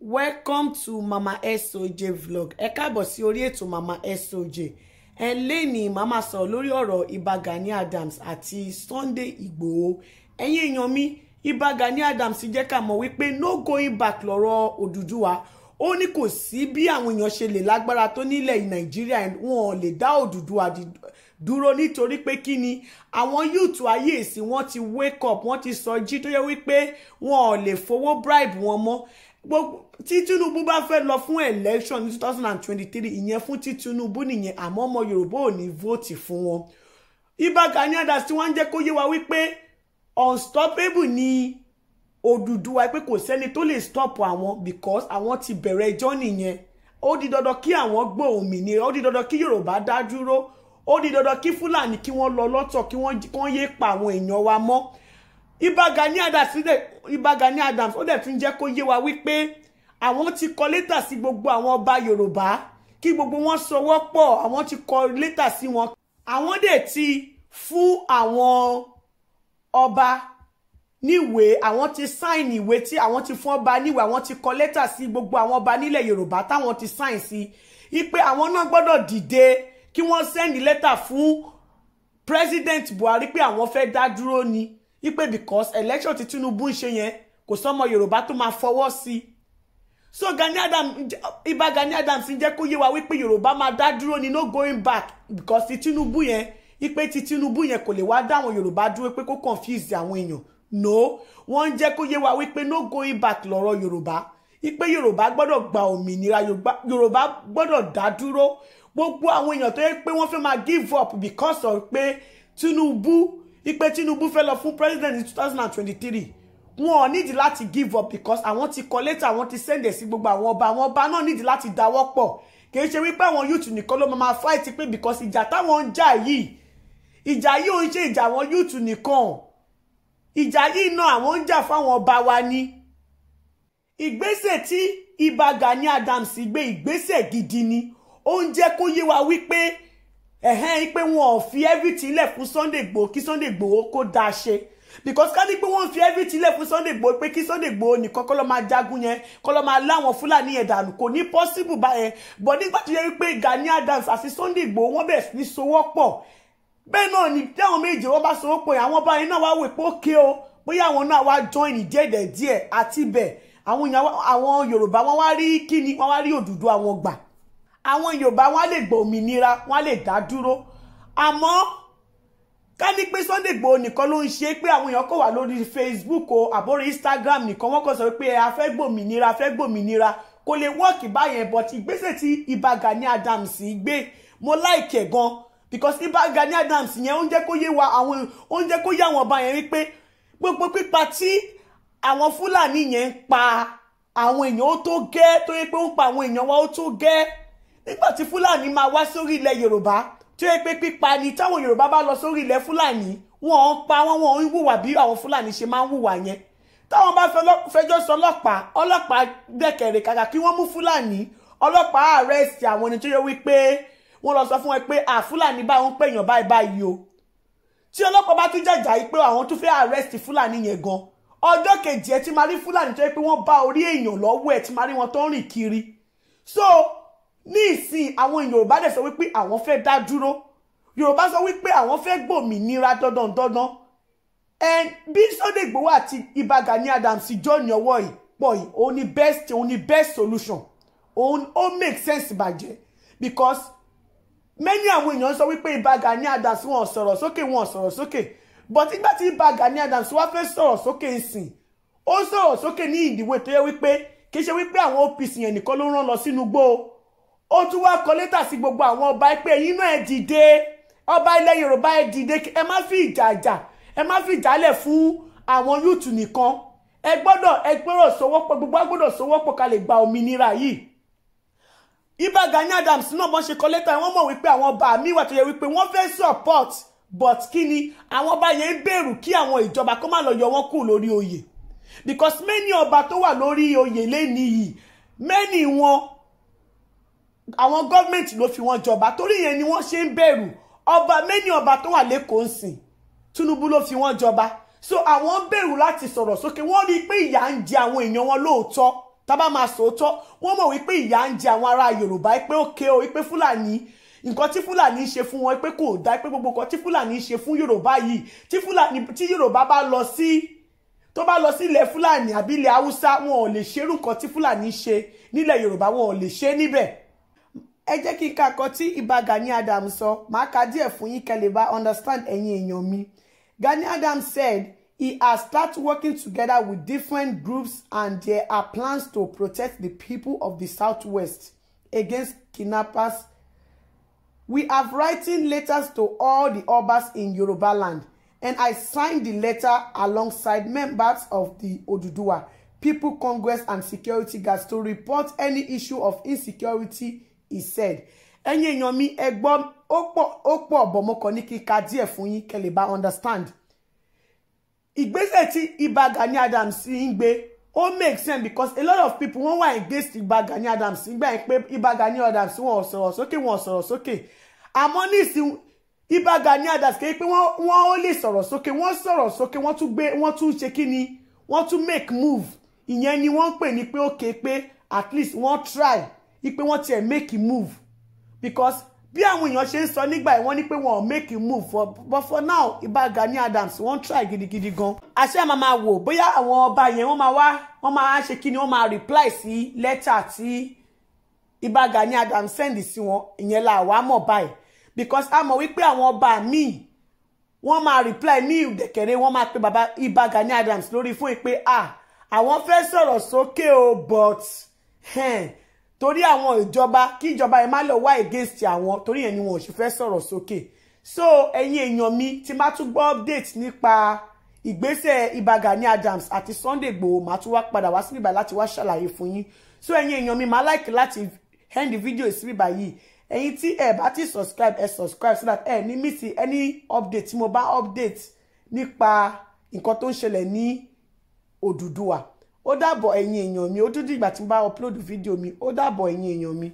welcome to mama soj vlog ẹ káàbọ̀ sí orí ètò mama soj ẹ lẹ́ni màmá sọ̀rọ̀ lórí ọ̀rọ̀ ibagani Adams àti Sunday Ìgbòho ẹ̀yin èèyàn mi Ìbà Gani Adams jẹ́ ká mọ̀ wípé no going back lọ́rọ̀ Odùduwà ó ní kò sí bí àwọn èèyàn ṣe lè lágbára tó nílẹ̀ Nàìjíríà wọn ò lè dá Odùduwà dúró nítorí pé kí ni àwọn yúùtù ayé èsì wọn ti wake up wọn ti sọ jí tó yẹ wípé wọn ò lè fowó bribe wọn mọ́ tí Tinubu bá fẹ́ lọ fún election ní 2023 ìyẹn fún tí Tinubu nìyẹn àmọ́ ọmọ Yorùbá ò ní vóòtì fún wọn Ìbà Gani Adams tí wọ́n ń jẹ́ kó yé wa wípé unstoppable ni Odùduwà pé kò sẹ́ni tó lè stop àwọn because àwọn ti bẹ̀rẹ̀ ẹjọ́ nìyẹn ó di dandan kí àwọn gbọ́ òmìnira ó di dandan kí Yorùbá dá dúró ó di dandan kí Fúlàní kí wọ́n lọ lọ́tọ̀ kí wọ́n yé pa àwọn èèyàn wa mọ́ Ìbà Gani Adams Ìbà Gani Adams ó dẹ̀ tún jẹ́ kó yé wa wípé àwọn ti kọ lẹ́tà sí gbogbo àwọn ọba Yorùbá kí gbogbo wọn sọwọ́ pọ̀ àwọn ti kọ lẹ́tà sí wọn àwọn dẹ̀ ti fún àwọn ọba níwèé àwọn ti sáìn ìwé tí àwọn ti fún ọba níwèé àwọn ti kọ lẹ́tà sí gbogbo àwọn ọba nílẹ̀ Yorùbá táwọn ti sáìn sí ipe àwọn náà gbọ́dọ̀ dìde kí wọ́n sẹ́ndì lẹ́tà fún President Buhari pé àwọn fẹ́ dá dúró ni ipe because election ti Tinubu ń ṣe yẹn kò sọmọ Yorùbá tó máa fọwọ́ sí i so Gani Adams iba Gani Adams ń jẹ́ kó yé wa wípé Yorùbá máa dá dúró ni no going back because ti Tinubu yẹn ipe ti Tinubu yẹn kò lè wá dá àwọn Yorùbá dúró pé kó confuse àwọn èèyàn no wọ́n ń jẹ́ kó yé wa wípé no going back lọ́rọ̀ Yorùbá ipe Yorùbá gbọ́dọ̀ gba òmìnira Yorùbá gbọ́dọ̀ dá dúró gbogbo àwọn èèyàn tó yẹ pé wọ́n fẹ́ máa give up because of pé Tinubu ipe Tinubu fẹ́ lọ fún president in two thousand and twenty-three wọn ò nídìí láti give up because àwọn ti kọ létà àwọn ti sẹ́ndẹ̀ sí gbogbo àwọn ọba àwọn ọba náà nídìí láti dáwọ́ pọ̀ kì í ṣe wípé àwọn youth nìkan ló máa fight pé because ìjà táwọn ń jà yìí ìjà yìí ò ń ṣe ìjà àwọn youth nìkan ìjà yìí náà àwọn ń jà fáwọn ọba wa ni ìgbésẹ̀ tí Ìbà Gani Adams gbé ìgbésẹ̀ gidi ni ó ń jẹ́ kó yé wa wípé ẹ̀hẹ́n pé wọn ò fi everything lẹ̀ fún Sunday Igboho kí Sunday Igboho kó dáa ṣe because ká ní pé wọ́n fi everything lẹ̀ fún Sunday Igboho pé kí Sunday Igboho nìkan kọ́ ló máa jagun yẹn kọ́ ló máa láwọn Fúlàní yẹn dànù kò ní possible báyẹn but nígbà tó yẹ wípé Gani Adams àti Sunday Igboho wọ́n bẹ̀rẹ̀ sí ní sowọ́ pọ̀ bẹ́ẹ̀ náà ni táwọn méje wọ́n bá sowọ́ pọ̀ àwọn ọba yẹn náà wá wèpé ó ké o bóyá àwọn náà wá join díẹ̀díẹ̀ àti bẹ́ẹ̀ àwọn Yorùbá wọn wá rí kíni wọn wá rí òdùdú àwọn gbà àwọn yorùbá wọn lè gba òmìnira wọn lè dá dúró àmọ́ ká ní pé Sunday Igboho nìkan ló ń ṣe pé àwọn èèyàn kò wà lórí Facebook o àbórí Instagram nìkan wọ́n kàn sọ pé a fẹ́ gbòmìnira a fẹ́ gbòmìnira kò lè wọ́ọ̀kì báyẹn but ìgbésẹ̀ tí Ìbà Gani Adams gbé mo láìkẹ̀ gan because Ìbà Gani Adams yẹn ó ń jẹ́ kó yé wa àwọn ó ń jẹ́ kó yé àwọn ọba yẹn wípé gbogbo pípa tí àwọn Fúlàní yẹn ń pa àwọn èèyàn ó tó gẹ́ tó yẹ pé ó ń pa àwọn èèyàn wa ó tó gẹ́ nígbà tí fúlàní máa wá sórí ilẹ̀ yorùbá tí ó yẹ pé pípa ni táwọn yorùbá bá lọ sórí ilẹ̀ fúlàní wọn ò pa wọn wọn ò wùwà bí àwọn fúlàní ṣe máa ń wùwà yẹn táwọn bá fẹjọ́ sọ ọlọ́pàá ọlọ́pàá dẹ̀kẹ̀rẹ̀ kàkà kí wọ́n mú fúlàní ọlọ́pàá àrẹ́sì àwọn ẹni tó yẹ wípé wọ́n lọ sọ fún ẹ pé àfúlàní báwọn ń pèèyàn báyìí báyìí o tí ọlọ́pàá bá tún jàjà yìí pé àwọn tún fẹ́ àrẹ́sì fúlàní yẹn gan ọjọ́ kejì ẹ ti máa rí fúlàní tó yẹ pé wọ́n bá orí èèyàn lọ́wọ́ ẹ ti máa rí wọn tó ń rìn kiri so ní ìsìn àwọn Yorùbá dẹ̀ sọ wípé àwọn fẹ́ dá dúró Yorùbá sọ wípé àwọn fẹ́ gbòmìnira dandan dandan ẹn bí Sunday Igboho àti Ìbà Gani Adams jọ ní ọwọ́ yìí pọ̀ yìí òun ni best òun ni best solution òun ó make sense bàjẹ́ because many àwọn èèyàn sọ wípé Ìbà Gani Adams wọn sọ̀rọ̀ sókè wọn sọ̀rọ̀ sókè but nígbà tí Ìbà Gani Adams wá fẹ́ sọ̀rọ̀ sókè ìsìn ó sọ̀rọ̀ sókè ní ìdíwé tó yẹ wípé kì í ṣe wípé àwọn OPC yẹn nìkan ló rán lọ sínú gbó o ó tún wá kọ lẹ́tà sí gbogbo àwọn ọba pé ẹ̀yin náà ẹ dìde ọba ilẹ̀ yorùbá ẹ dìde ẹ má fi ìjà jà ẹ má fi ìjálẹ̀ fún àwọn yúùtù nìkan ẹ gbọ́dọ̀ ẹ gbọ́dọ̀ sowọ́pọ̀ gbogbo agbọ́dọ̀ sowọ́pọ̀ ká lè gba òmìnira yìí Ìbà Gani Adams náà bọ́n ṣe kọ lẹ́tà wọ́n mọ̀ wípé àwọn ọba mi wà tó yẹ wípé wọ́n fẹ́ support but kí ni àwọn ọba yẹn ń bẹ̀rù kí àwọn ìjọba kó má lọ yọ wọ́n kù lórí oyè because many ọba tó wà lórí oyè lẹ́nìí yìí many wọn àwọn gọ́ọ̀mẹ̀ntì ló fi wọ́n jọba torí yẹn ni wọ́n ṣe ń bẹ̀rù ọba mẹ́ni ọba tó wà lẹ́kọ̀ọ́ ń sìn Tinubu ló fi wọ́n jọba so àwọn ń bẹ̀rù láti sọ̀rọ̀ sókè wọ́n rí i pé ìyà ń jẹ àwọn èèyàn wọn lóòótọ́ tábà máa sòótọ́ wọ́n mọ̀ wípé ìyà ń jẹ àwọn ará Yorùbá pé òkè o pé Fúlàní nǹkan tí Fúlàní ṣe fún wọn pé kò dá pé gbogbo nǹkan tí Fúlàní ṣe fún Yorùbá yìí tí Fúlàní tí Yorùbá bá lọ sí tó bá lọ sí ilẹ̀ Fúlàní àbí ilẹ̀ Haúsá wọn ò lè ṣerú nǹkan tí Fúlàní ṣe nílẹ̀ Yorùbá wọn ò lè ṣe níbẹ̀ ẹ jẹ́ kí n ka kan tí Ìbà Gani Adams sọ màá ka díẹ̀ fún yín kẹ́ bá understand ẹ̀yin èèyàn mi Gani Adams said he has started working together with different groups and there are plans to protect the people of the southwest against kidnappers we have written letters to all the obas in Yoruba land and I signed the letter alongside members of the Oduduwa People Congress and Security Guards to report any issue of insecurity he said ẹ̀yin èèyàn mi ẹ gbọ́ ó pọ̀ ó pọ̀ bọ̀ mo kàn ní kíka díẹ̀ fún yín kẹ́ bá understand ìgbésẹ̀ tí Ìbà Gani Adams ń gbé ó make sense because a lot of people wọ́n wà against Ìbà Gani Adams nígbà yẹn pé Ìbà Gani Adams wọ́n sọ̀rọ̀ sókè wọ́n sọ̀rọ̀ sókè àmọ́ nísìnyí Ìbà Gani Adams kéde pé wọ́n ó lè sọ̀rọ̀ sókè wọ́n sọ̀rọ̀ sókè wọ́n tún gbé wọ́n tún ṣe kí ni wọ́n tún make move ìyẹn ni wọ́n ń pè ní pé ó ké pé at least wọ́n try ipe wọ́n tiẹ̀ make move because bí àwọn èèyàn ṣe ń sọ nígbà ẹ̀ wọ́n ní pé make a move for but for now ibà Gani Adams wọ́n try gidigidi gan. àṣẹ máa máa wò bóyá àwọn ọba yẹn wọ́n máa wá wọ́n máa ṣe kí ni wọ́n máa reply sí letter. tí ibà Gani Adams send sí wọn ìyẹn là wá mọ̀ báyìí because a mọ̀ wípé àwọn ọba míì wọ́n máa reply ní ìdẹ̀kẹ̀rẹ́ wọ́n máa pe bàbá ibà Gani Adams lórí fún ìpè ah àwọn fẹ́ sọ̀rọ̀ sókè o but. heh torí àwọn ìjọba kí ìjọba ẹ má lọ wá against àwọn torí yẹn ni wọn ò sì fẹ́ sọ̀rọ̀ sókè so ẹ̀yin èèyàn mi tí má tún gbọ́ update nípa ìgbésẹ̀ Ìbà Gani Adams àti Sunday Igboho màá tún wá padà wá síbí báyìí láti wá ṣàlàyé fún yín so ẹ̀yin èèyàn mi màá like láti end the video síbí báyìí ẹ̀yin tí ẹ bá ti subscribe ẹ subscribe so that ẹ ní miss any update tí mo bá update nípa nǹkan tó ń ṣẹlẹ̀ ní Odùduwà ó dàbọ̀ ẹ̀yin èèyàn mi ó tún dìgbà tí mo bá upload fídíò mi ó dàbọ̀ ẹ̀yin èèyàn mi.